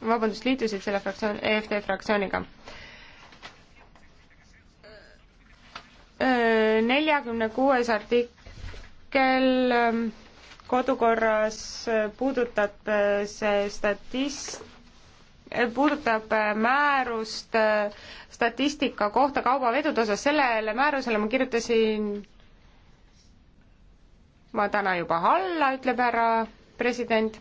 vabandust, liitusid selle fraktsioon, EFD fraktsiooniga. neljakümne kuues artikkel ähm, kodukorras äh, puudutab äh, see statist-, äh, puudutab määrust statistika kohta kaubavedude osas, sellele määrusele ma kirjutasin ma täna juba alla, ütleb härra president